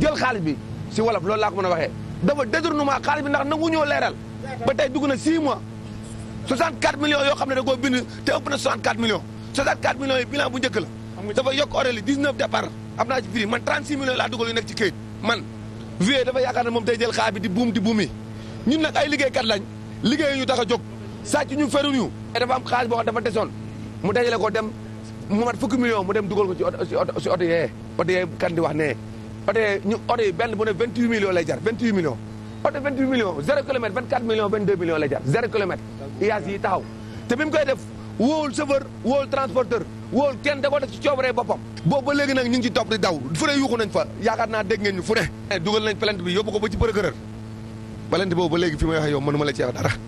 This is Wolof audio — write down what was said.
jël xaalis bi si wolof loolu laa ko mën a waxee dafa détournement xaalis bi ndax nangu ñoo leeral ba tey dugg na 6 mois 64 millions yoo xam ne da koo bind te ëpp na 64 millions 64 millions yi bilan bu njëkk la dafa yokk horaire yi 19 départ am naa ci prix man 36 millions laa dugal yu nekk ci këyit man vie dafa yaakaar ne moom tey jël xaalis bi di buum di buumi ñun nag ay liggéey liggéeykat lañ liggéey ñu tax a jóg ñu feruñu dafa am boo xam dafa desoon mu dajale ko dem mu mat fukki million mu dem dugal ko ci oto si oto yee oto yee kan ne oto ñu oto yi benn bu ne 28 millions lay jar 28 millions oto 28 millions 0 kilomètre 24 millions 22 millions lay jar 0 kilomètre iyaas yi te bi mu def wóowul chauffeur wóowul transporteur wóowul kenn da ko def ci coobaree boppam ba léegi nag ñu ci topp di daw fu ne yuuxu fa yaakaar naa dégg ngeen ñu fu eh, dugal nañ plainte bi yóbbu ba ci procureur plainte boobu ba léegi fi may wax yow mënuma la ci wax dara